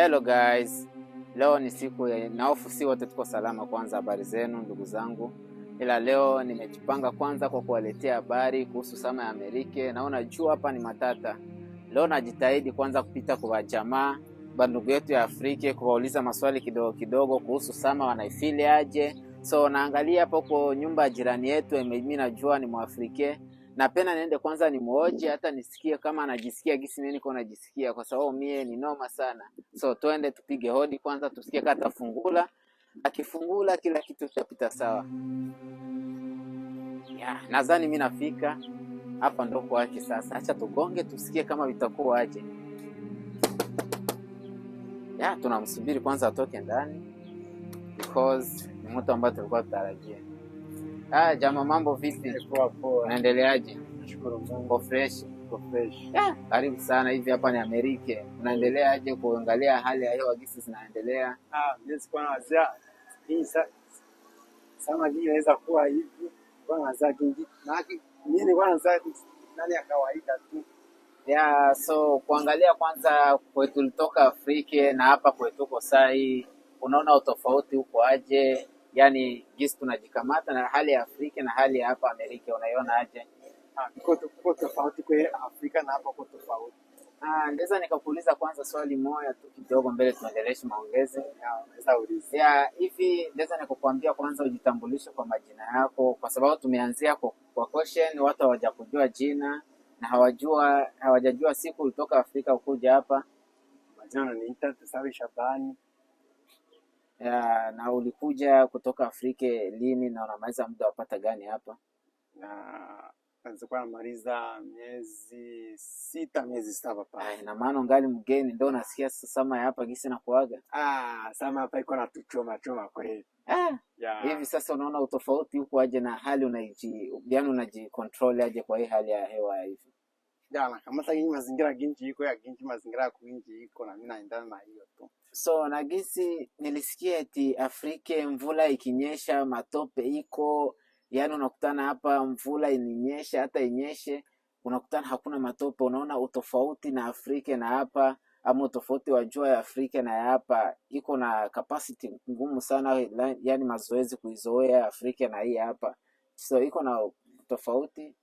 Hello guys, leo ni siku ya naofu, si wote tuko salama. Kwanza habari zenu ndugu zangu, ila leo nimejipanga kwanza kwa kuwaletea habari kuhusu sama ya Amerika, naona juu hapa ni matata. Leo najitahidi kwanza kupita kwa jamaa bandugu yetu ya Afrika kuwauliza maswali kidogo kidogo kuhusu sama wanaifili aje. So naangalia hapo kwa nyumba ya jirani yetu, mimi najua ni mwafrike napenda niende kwanza nimuoje, hata nisikie kama anajisikia gisi mimi niko najisikia, kwa sababu mie ni noma sana. So twende tupige hodi kwanza, tusikie kama atafungula Akifungula kila kitu kitapita sawa. Yeah, nadhani mimi nafika hapa ndo kwake sasa. Acha tugonge tusikie kama vitakuwa aje. Yeah, tunamsubiri kwanza atoke ndani because ni mtu ambaye tulikuwa tutarajia Ah, jama, mambo vipi? Unaendeleaje? Kwa fresh? Yeah. Karibu sana. Hivi hapa ni Amerika, unaendeleaje kuangalia hali ya hewa gisi zinaendelea? Ah, yeah, so kuangalia kwanza kwetu tulitoka Afrika na hapa kwetu sasa sai, unaona utofauti uko aje? yani jinsi tunajikamata na hali ya Afrika na hali ya hapa Amerika, unaiona aje? Ah, kwa tofauti kwa Afrika na hapa kwa tofauti. Ah, ndeza nikakuuliza kwanza swali moja tu kidogo, mbele tuendeleshe maongezi. Naweza ulizia hivi, ndeza nikakwambia kwanza ujitambulishe kwa majina yako, kwa sababu tumeanzia kwa, kwa question, watu hawajakujua jina na hawajua hawajajua siku ulitoka Afrika ukuja hapa. Majina ni Shabani ya, na ulikuja kutoka Afrika lini na unamaliza muda wapata gani hapa? na nilikuwa namaliza miezi sita miezi saba pale. Na maana ngali mgeni ndio nasikia sama hapa gisi kuaga. Ah, sama hapa iko natuchoma choma kweli. Ah. Yeah. Hivi sasa unaona utofauti huko aje na hali unaiji, yani control aje kwa hii hali ya hewa hivi? kijana kama sasa hii mazingira ginji iko ya ginji mazingira ya kuinji iko na mimi naendana na hiyo tu. So na gisi nilisikia eti Afrika mvula ikinyesha matope iko, yani unakutana hapa mvula ininyesha hata inyeshe unakutana hakuna matope. Unaona utofauti na Afrika na hapa ama utofauti wa jua ya Afrika na ya hapa iko na capacity ngumu sana, yani mazoezi kuizoea Afrika na hii hapa, so iko na tofauti,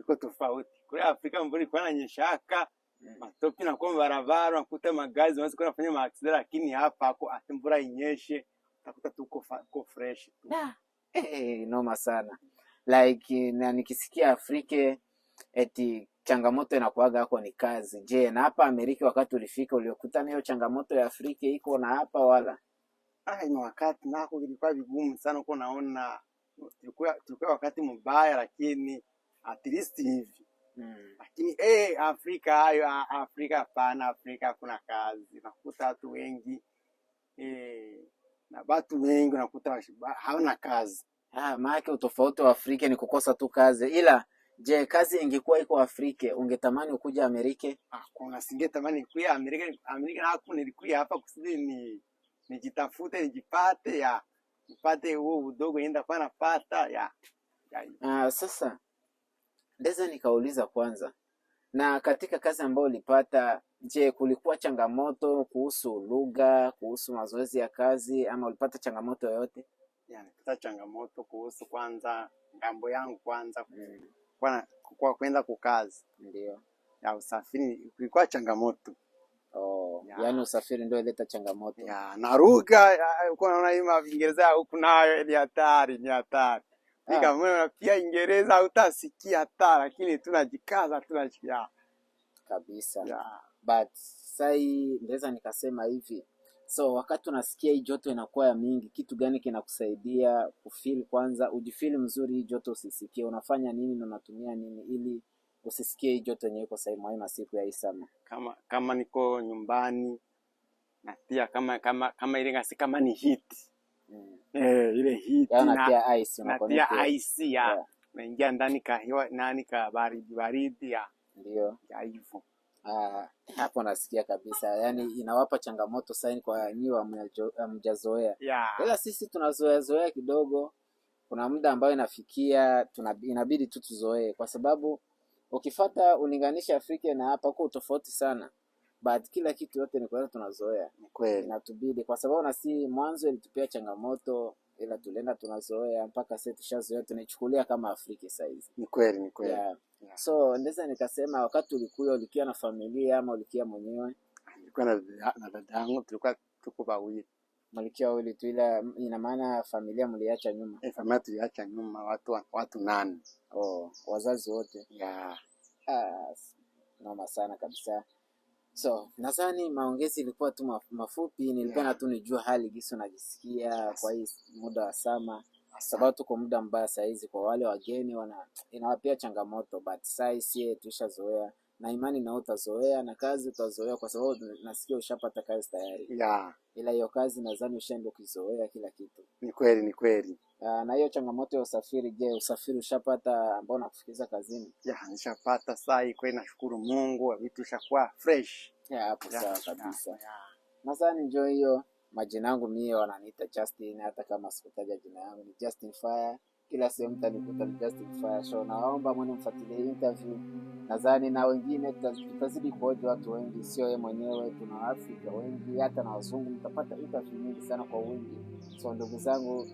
iko tofauti kule Afrika mvua ilikuwa inanyeshaka matope mm. na kwa barabara unakuta magari zinaweza kwenda kufanya maaksida, lakini hapa hako hata mvura inyeshe utakuta tuko ko fresh tu. Nah, eh, noma sana like na nikisikia Afrika eti changamoto inakuaga hako ni kazi. Je, na hapa Amerika wakati ulifika uliokuta nayo changamoto ya Afrika iko na hapa wala? Ah, ni wakati nako ilikuwa vigumu sana, uko naona tulikuwa wakati mbaya, lakini at least hivi Mm. lakini mm. Eh, hey, Afrika hayo, ah, Afrika hapana, Afrika hakuna kazi. Unakuta watu wengi hey, eh, na watu wengi unakuta hawana kazi. Ah, maake utofauti wa Afrika ni kukosa tu kazi. Ila je, kazi ingekuwa iko Afrika, ungetamani ukuja Amerika? Hakuna, singetamani kuja Amerika. Amerika naku nilikuja hapa kusudi nijitafute, nijipate ya nipate huo udogo, enda kwa napata ya, ya. Ah, sasa Ndeza nikauliza kwanza, na katika kazi ambayo ulipata, je, kulikuwa changamoto kuhusu lugha, kuhusu mazoezi ya kazi, ama ulipata changamoto yoyote? Yeah, nilipata changamoto kuhusu kwanza ngambo yangu kwanza mm. kwa, kwa kwenda kukazi ndio ya usafiri kulikuwa changamoto oh, ya. Yani usafiri ndio ileta changamoto ya, na lugha uko naona hii Kiingereza huku nayo ni hatari, ni hatari Nikamwona pia Ingereza utasikia ta, lakini tunajikaza tunajikia kabisa yeah. But sai ndeza nikasema hivi, so wakati unasikia hii joto inakuwa ya mingi, kitu gani kinakusaidia kufeel? Kwanza ujifeel mzuri, hii joto usisikie. Unafanya nini na unatumia nini ili usisikie hii joto yenyewe iko saimu masiku ya isama? Kama kama niko nyumbani na pia kama kama kama ile ngasi kama ni heat eh, ile yaani ya naingia ndani ka nani ka baridi baridi ya ndio ya hivo ah, hapo nasikia kabisa yani inawapa changamoto saini kwa nyinyi hamjazoea eh, yeah. ila sisi tunazoea zoea kidogo kuna muda ambayo inafikia inabidi tu tuzoee kwa sababu ukifata ulinganisha Afrika na hapa kwa tofauti sana but kila kitu yote ni kwa tunazoea, ni kweli inatubidi, kwa sababu na si mwanzo ilitupia changamoto, ila tulienda tunazoea mpaka sasa tushazoea, tunachukulia kama afriki size Ni kweli, ni kweli yeah. yeah. So ndeza nikasema wakati ulikuwa ulikia na familia ama ulikia mwenyewe? Nilikuwa na na dadangu tulikuwa tuko wawili malikia wili tu, ila ina maana familia mliacha nyuma? E, familia tuliacha nyuma watu watu nani Oh, wazazi wote? yeah. Ah, noma sana kabisa. So nadhani maongezi ilikuwa tu mafupi, nilipenda yeah, tu nijua hali gisi unajisikia yes, kwa hii muda wa sama, sababu tuko muda mbaya saa hizi kwa wale wageni wana inawapia changamoto, but saa hii sie na imani na utazoea na kazi utazoea, kwa sababu nasikia ushapata kazi tayari yeah. Ila hiyo kazi nadhani ushaenda ukizoea kila kitu. Ni kweli, ni kweli. Ah, na hiyo changamoto ya usafiri, je, usafiri ushapata ambao nakufikiza kazini? Yeah, nishapata saa hii kweli, nashukuru Mungu, vitu shakuwa fresh hapo. Yeah, yeah, sawa kabisa yeah. Nadhani njoo hiyo majina yangu mie wananiita Justin, hata kama sikutaja jina yangu ni Justin Fire kila sehemu tanikuta Justify Show. Naomba mwene mfuatilie interview, nadhani na wengine tutazidi kuoja watu wengi, sio yeye mwenyewe, tuna Waafrika wengi hata na wazungu, mtapata interview nyingi sana kwa wingi. So ndugu zangu,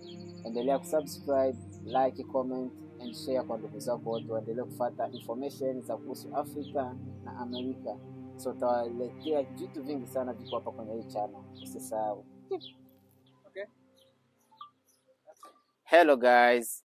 endelea kusubscribe, like, comment and share kwa ndugu zako wote, waendelee kufuata information za kuhusu Afrika na Amerika. So utawaletea vitu vingi sana viko hapa kwenye hii channel, usisahau. Okay. Hello guys.